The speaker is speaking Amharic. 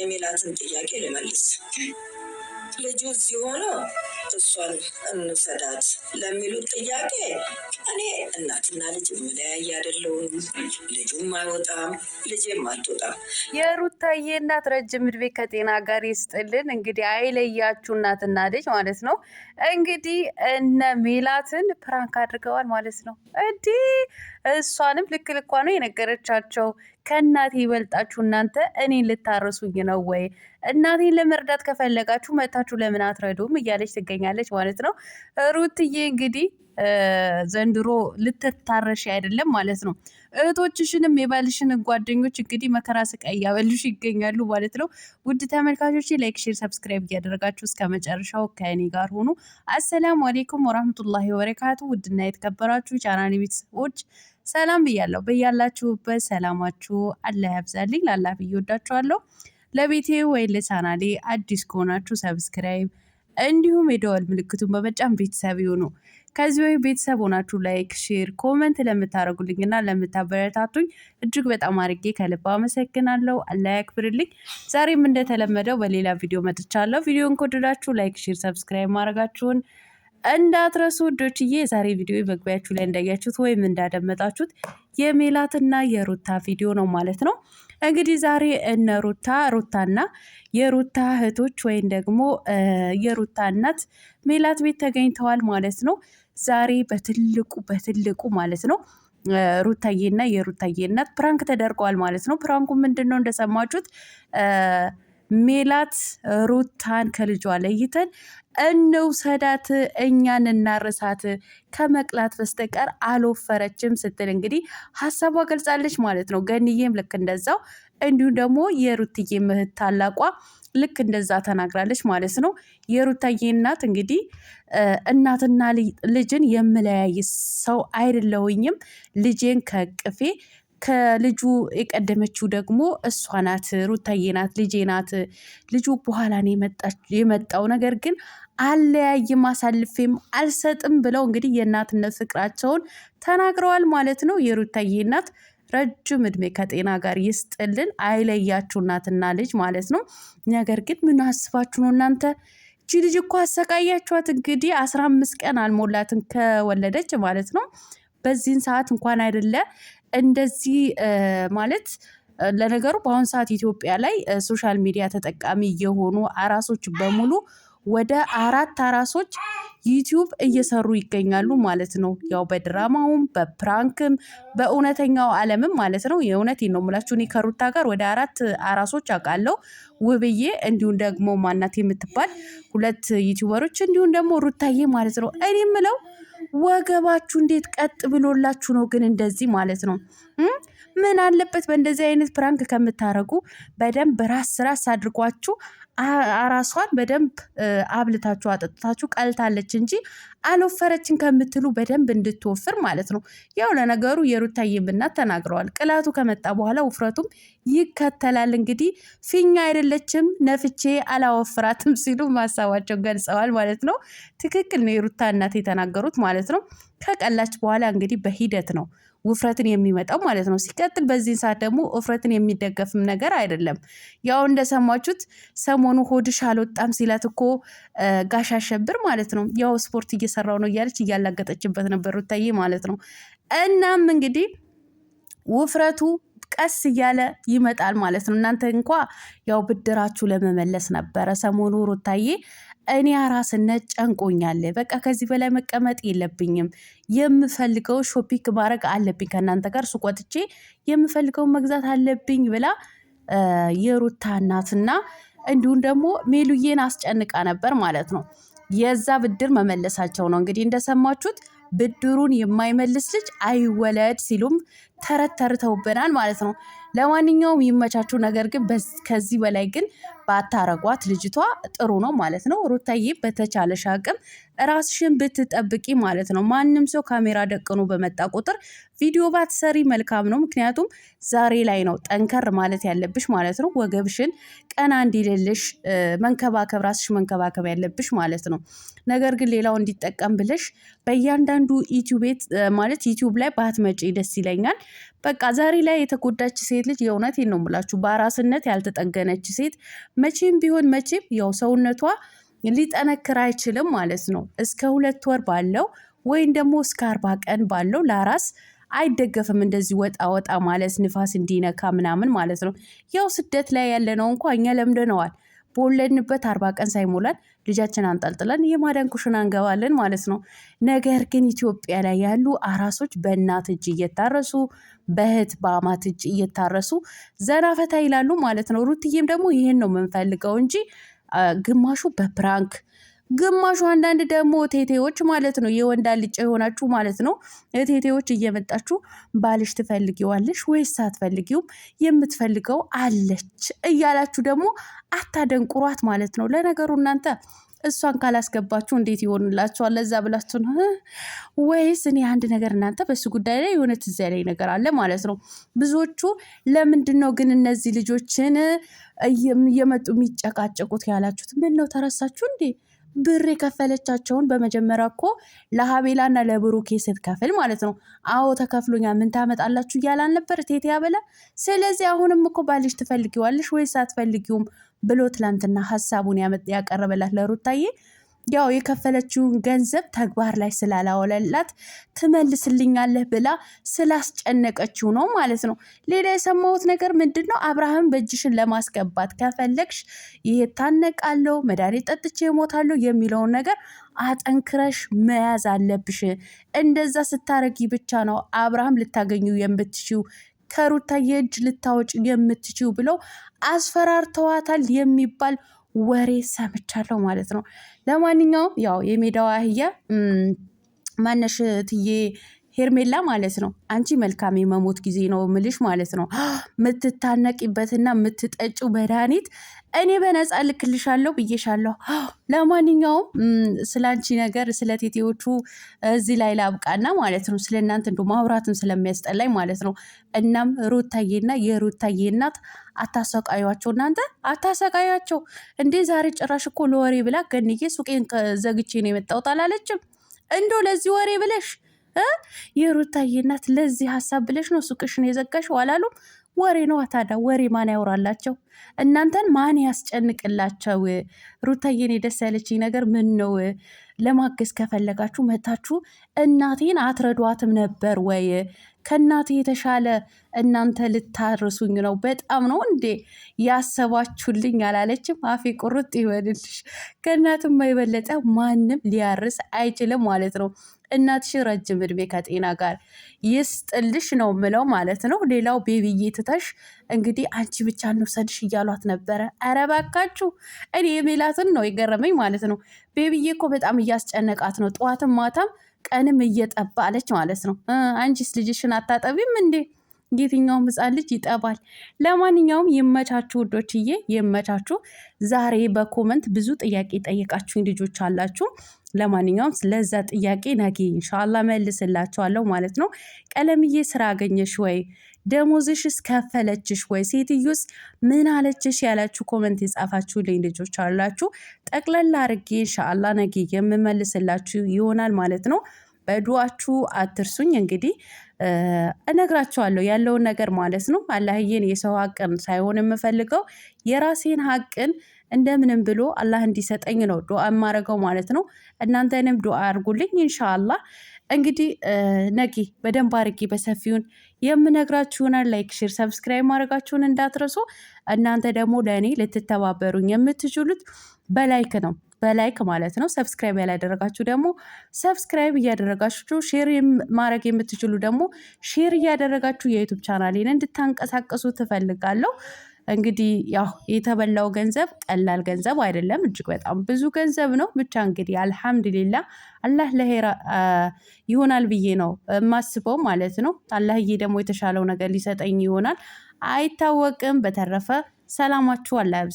የሚላትን ጥያቄ ልመልስ። ልጁ እዚህ ሆኖ እሷን እንፈዳት ለሚሉት ጥያቄ እኔ እናትና ልጅ የምለያይ አይደለሁም። ልጁም አይወጣም፣ ልጄም አትወጣም። የሩታዬ እናት ረጅም እድሜ ከጤና ጋር ይስጥልን። እንግዲህ አይለያችሁ እናትና ልጅ ማለት ነው። እንግዲህ እነ ሜላትን ፕራንክ አድርገዋል ማለት ነው እንዲህ እሷንም ልክ ልኳ ነው የነገረቻቸው። ከእናቴ ይበልጣችሁ እናንተ እኔን ልታረሱኝ ነው ወይ? እናቴን ለመርዳት ከፈለጋችሁ መታችሁ ለምን አትረዱም? እያለች ትገኛለች ማለት ነው። ሩትዬ እንግዲህ ዘንድሮ ልትታረሽ አይደለም ማለት ነው። እህቶችሽንም የባልሽን ጓደኞች እንግዲህ መከራ ስቃይ እያበሉሽ ይገኛሉ ማለት ነው። ውድ ተመልካቾች ላይክ፣ ሼር፣ ሰብስክራይብ እያደረጋችሁ እስከ መጨረሻው ከእኔ ጋር ሆኑ። አሰላሙ አሌይኩም ወራህመቱላሂ ወበረካቱ። ውድና የተከበራችሁ ቻናሌ ቤተሰቦች ሰላም ብያለሁ። በያላችሁበት ሰላማችሁ አላህ ያብዛልኝ። ላላህ ብዬ ወዳችኋለሁ። ለቤቴ ወይ ለቻናሌ አዲስ ከሆናችሁ ሰብስክራይብ እንዲሁም የደወል ምልክቱን በመጫን ቤተሰብ ይሁኑ። ከዚህ ወይ ቤተሰብ ሆናችሁ ላይክ፣ ሼር፣ ኮመንት ለምታደርጉልኝና ለምታበረታቱኝ እጅግ በጣም አድርጌ ከልብ አመሰግናለሁ። አላህ ያክብርልኝ። ዛሬም እንደተለመደው በሌላ ቪዲዮ መጥቻለሁ። ቪዲዮን ከወደዳችሁ ላይክ፣ ሼር፣ ሰብስክራይብ ማድረጋችሁን እንዳትረሱ ወዶችዬ። የዛሬ ቪዲዮ መግቢያችሁ ላይ እንዳያችሁት ወይም እንዳደመጣችሁት የሜላትና የሩታ ቪዲዮ ነው ማለት ነው። እንግዲህ ዛሬ እነ ሩታ ሩታና የሩታ እህቶች ወይም ደግሞ የሩታ እናት ሜላት ቤት ተገኝተዋል ማለት ነው። ዛሬ በትልቁ በትልቁ ማለት ነው ሩታዬና የሩታዬ እናት ፕራንክ ተደርገዋል ማለት ነው። ፕራንኩ ምንድን ነው? እንደሰማችሁት ሜላት ሩታን ከልጇ ለይተን እንውሰዳት እኛን እናርሳት ከመቅላት በስተቀር አልወፈረችም ስትል እንግዲህ ሀሳቧ ገልጻለች ማለት ነው። ገንዬም ልክ እንደዛው እንዲሁም ደግሞ የሩትዬ ምህት ታላቋ ልክ እንደዛ ተናግራለች ማለት ነው። የሩታዬ እናት እንግዲህ እናትና ልጅን የምለያይ ሰው አይደለውኝም ልጄን ከቅፌ ከልጁ የቀደመችው ደግሞ እሷ ናት፣ ሩታዬ ናት፣ ልጄ ናት። ልጁ በኋላ የመጣው። ነገር ግን አለያይም አሳልፌም አልሰጥም ብለው እንግዲህ የእናትነት ፍቅራቸውን ተናግረዋል ማለት ነው የሩታዬ እናት ረጅም እድሜ ከጤና ጋር ይስጥልን። አይለያችሁ እናትና ልጅ ማለት ነው። ነገር ግን ምን አስባችሁ ነው እናንተ? እቺ ልጅ እኮ አሰቃያችኋት። እንግዲህ አስራ አምስት ቀን አልሞላትን ከወለደች ማለት ነው። በዚህን ሰዓት እንኳን አይደለ እንደዚህ ማለት ለነገሩ በአሁኑ ሰዓት ኢትዮጵያ ላይ ሶሻል ሚዲያ ተጠቃሚ የሆኑ አራሶች በሙሉ ወደ አራት አራሶች ዩቲዩብ እየሰሩ ይገኛሉ ማለት ነው። ያው በድራማውም በፕራንክም በእውነተኛው ዓለምም ማለት ነው። የእውነቴን ነው የምላችሁ። እኔ ከሩታ ጋር ወደ አራት አራሶች አውቃለሁ። ውብዬ እንዲሁም ደግሞ ማናት የምትባል ሁለት ዩቲዩበሮች እንዲሁም ደግሞ ሩታዬ ማለት ነው። እኔ ምለው ወገባችሁ እንዴት ቀጥ ብሎላችሁ ነው ግን እንደዚህ ማለት ነው። ምን አለበት በእንደዚህ አይነት ፕራንክ ከምታረጉ በደንብ ራስ ራስ አድርጓችሁ አራሷን በደንብ አብልታችሁ አጠጥታችሁ ቀልታለች እንጂ አልወፈረችን ከምትሉ በደንብ እንድትወፍር ማለት ነው። ያው ለነገሩ የሩታዬም እናት ተናግረዋል። ቅላቱ ከመጣ በኋላ ውፍረቱም ይከተላል። እንግዲህ ፊኛ አይደለችም ነፍቼ አላወፍራትም ሲሉ ማሳባቸው ገልጸዋል ማለት ነው። ትክክል ነው የሩታ እናት የተናገሩት ማለት ነው። ከቀላች በኋላ እንግዲህ በሂደት ነው ውፍረትን የሚመጣው ማለት ነው። ሲቀጥል በዚህን ሰዓት ደግሞ ውፍረትን የሚደገፍም ነገር አይደለም። ያው እንደሰማችሁት ሰሞኑ ሆድሽ አልወጣም ሲላት እኮ ጋሽ አሸብር ማለት ነው ያው ስፖርት እየሰራው ነው እያለች እያላገጠችበት ነበር ሩታዬ ማለት ነው። እናም እንግዲህ ውፍረቱ ቀስ እያለ ይመጣል ማለት ነው። እናንተ እንኳ ያው ብድራችሁ ለመመለስ ነበረ ሰሞኑ ሩታዬ እኔ አራስነት ጨንቆኛል። በቃ ከዚህ በላይ መቀመጥ የለብኝም። የምፈልገው ሾፒንግ ማድረግ አለብኝ። ከእናንተ ጋር ሱቅ ወጥቼ መግዛት አለብኝ ብላ የሩታ እናትና እንዲሁም ደግሞ ሜሉዬን አስጨንቃ ነበር ማለት ነው። የዛ ብድር መመለሳቸው ነው እንግዲህ እንደሰማችሁት ብድሩን የማይመልስ ልጅ አይወለድ ሲሉም ተረት ተርተውብናል ማለት ነው። ለማንኛውም ይመቻችሁ። ነገር ግን ከዚህ በላይ ግን ባታረጓት ልጅቷ ጥሩ ነው ማለት ነው። ሩታዬ በተቻለሽ አቅም ራስሽን ብትጠብቂ ማለት ነው። ማንም ሰው ካሜራ ደቅኖ በመጣ ቁጥር ቪዲዮ ባትሰሪ መልካም ነው። ምክንያቱም ዛሬ ላይ ነው ጠንከር ማለት ያለብሽ ማለት ነው። ወገብሽን ቀና እንዲልልሽ መንከባከብ፣ ራስሽ መንከባከብ ያለብሽ ማለት ነው። ነገር ግን ሌላው እንዲጠቀም ብለሽ በእያንዳንዱ ዩቲቤት ማለት ዩቲዩብ ላይ ባትመጪ ደስ ይለኛል። በቃ ዛሬ ላይ የተጎዳች ሴት ልጅ የእውነቴን ነው የምላችሁ፣ በአራስነት ያልተጠገነች ሴት መቼም ቢሆን መቼም ያው ሰውነቷ ሊጠነክር አይችልም ማለት ነው። እስከ ሁለት ወር ባለው ወይም ደግሞ እስከ አርባ ቀን ባለው ለአራስ አይደገፍም እንደዚህ ወጣ ወጣ ማለት ንፋስ እንዲነካ ምናምን ማለት ነው። ያው ስደት ላይ ያለነው እንኳ እኛ ለምደነዋል። በወለድንበት አርባ ቀን ሳይሞላን ልጃችን አንጠልጥለን የማዳን ኩሽና እንገባለን ማለት ነው። ነገር ግን ኢትዮጵያ ላይ ያሉ አራሶች በእናት እጅ እየታረሱ በእህት በአማት እጅ እየታረሱ ዘና ፈታ ይላሉ ማለት ነው። ሩትዬም ደግሞ ይህን ነው የምንፈልገው እንጂ ግማሹ በፕራንክ ግማሹ አንዳንድ ደግሞ ቴቴዎች ማለት ነው የወንዳ አልጫ የሆናችሁ ማለት ነው። ቴቴዎች እየመጣችሁ ባልሽ ትፈልጊዋለሽ ወይስ አትፈልጊውም? የምትፈልገው አለች እያላችሁ ደግሞ አታደንቁሯት ማለት ነው። ለነገሩ እናንተ እሷን ካላስገባችሁ እንዴት ይሆንላችኋል? ለዛ ብላችሁ ነው ወይስ? እኔ አንድ ነገር እናንተ በሱ ጉዳይ ላይ የሆነ ትዝ ያለኝ ነገር አለ ማለት ነው። ብዙዎቹ ለምንድን ነው ግን እነዚህ ልጆችን እየመጡ የሚጨቃጨቁት ያላችሁት፣ ምን ነው ተረሳችሁ እንዴ? ብር የከፈለቻቸውን በመጀመሪያ እኮ ለሀቤላና ለብሩኬ ስትከፍል ማለት ነው። አዎ ተከፍሎኛ ምን ታመጣላችሁ እያለ ቴቴ ያበላ። ስለዚህ አሁንም እኮ ባልሽ ትፈልጊዋለሽ ወይስ አትፈልጊውም ብሎ ትላንትና ሀሳቡን ያቀረበላት ለሩታዬ ያው የከፈለችውን ገንዘብ ተግባር ላይ ስላላወለላት ትመልስልኛለህ ብላ ስላስጨነቀችው ነው ማለት ነው። ሌላ የሰማሁት ነገር ምንድን ነው? አብርሃም በእጅሽን ለማስገባት ከፈለግሽ ይሄ ታነቃለሁ፣ መድኃኒት ጠጥቼ እሞታለሁ የሚለውን ነገር አጠንክረሽ መያዝ አለብሽ። እንደዛ ስታረጊ ብቻ ነው አብርሃም ልታገኙ የምትችው ከሩታ የእጅ ልታወጭ የምትችው ብለው አስፈራርተዋታል የሚባል ወሬ ሰምቻለሁ ማለት ነው። ለማንኛውም ያው የሜዳዋ አህያ ማነሽ ትዬ ሄርሜላ ማለት ነው። አንቺ መልካም የመሞት ጊዜ ነው ምልሽ ማለት ነው። ምትታነቂበትና ምትጠጪው መድኃኒት እኔ በነፃ ልክልሻለሁ ብዬሻለሁ። ለማንኛውም ስለ አንቺ ነገር ስለ ቴቴዎቹ እዚህ ላይ ላብቃና ማለት ነው። ስለ እናንተ እንደ ማውራትም ስለሚያስጠላኝ ማለት ነው። እናም ሩታዬና የሩታዬ እናት አታሰቃዩቸው፣ እናንተ አታሰቃያቸው እንዴ! ዛሬ ጭራሽ እኮ ለወሬ ብላ ገንዬ ሱቄን ዘግቼ ነው የመጣሁት አላለችም እንዶ ለዚህ ወሬ ብለሽ የሩታዬ እናት ለዚህ ሀሳብ ብለሽ ነው ሱቅሽን የዘጋሽው አላሉም? ወሬ ነው ታዲያ። ወሬ ማን ያውራላቸው? እናንተን ማን ያስጨንቅላቸው? ሩታዬ እኔ ደስ ያለችኝ ነገር ምን ነው? ለማገዝ ከፈለጋችሁ መታችሁ እናቴን አትረዷትም ነበር ወይ? ከእናት የተሻለ እናንተ ልታርሱኝ ነው። በጣም ነው እንዴ ያሰባችሁልኝ አላለችም። አፌ ቁርጥ ይበልልሽ። ከእናትም የበለጠ ማንም ሊያርስ አይችልም ማለት ነው። እናትሽ ረጅም እድሜ ከጤና ጋር ይስጥልሽ ነው ምለው ማለት ነው። ሌላው ቤቢዬ ትተሽ እንግዲህ አንቺ ብቻ እንውሰድሽ እያሏት ነበረ። ኧረ እባካችሁ እኔ የሚላትን ነው የገረመኝ ማለት ነው። ቤቢዬ እኮ በጣም እያስጨነቃት ነው ጠዋትም ማታም ቀንም እየጠባ አለች ማለት ነው። አንቺስ ልጅሽን አታጠቢም እንዴ? የትኛውም ህፃን ልጅ ይጠባል። ለማንኛውም ይመቻችሁ ውዶችዬ፣ ይመቻችሁ። ዛሬ በኮመንት ብዙ ጥያቄ ጠየቃችሁኝ ልጆች አላችሁ። ለማንኛውም ለዛ ጥያቄ ነገ ኢንሻላ መልስላችኋለሁ ማለት ነው። ቀለምዬ ስራ አገኘሽ ወይ? ደሞዝሽ እስከፈለችሽ ወይ ሴትዮስ ምን አለችሽ ያላችሁ ኮመንት የጻፋችሁልኝ ልጆች አላችሁ። ጠቅለላ አርጌ እንሻአላ ነገ የምመልስላችሁ ይሆናል ማለት ነው። በዱዋችሁ አትርሱኝ። እንግዲህ እነግራችኋለሁ ያለውን ነገር ማለት ነው። አላህዬን የሰው ሀቅን ሳይሆን የምፈልገው የራሴን ሀቅን እንደምንም ብሎ አላህ እንዲሰጠኝ ነው ዱዓ የማረገው ማለት ነው። እናንተንም ዱዓ አድርጉልኝ ኢንሻአላህ። እንግዲህ ነጊ በደንብ አድርጊ በሰፊውን ይሆናል ላይክ፣ ሼር፣ ሰብስክራይብ ማድረጋችሁን እንዳትረሱ። እናንተ ደግሞ ለእኔ ልትተባበሩኝ የምትችሉት በላይክ ነው በላይክ ማለት ነው። ሰብስክራይብ ያላደረጋችሁ ደግሞ ሰብስክራይብ እያደረጋችሁ ሼር ማድረግ የምትችሉ ደግሞ ሼር እያደረጋችሁ የዩቱብ ቻናሌን እንድታንቀሳቀሱ ትፈልጋለሁ። እንግዲህ ያው የተበላው ገንዘብ ቀላል ገንዘብ አይደለም፣ እጅግ በጣም ብዙ ገንዘብ ነው። ብቻ እንግዲህ አልሐምድሊላ አላህ ለሄራ ይሆናል ብዬ ነው የማስበው ማለት ነው። አላህዬ ደግሞ የተሻለው ነገር ሊሰጠኝ ይሆናል አይታወቅም። በተረፈ ሰላማችሁ አላ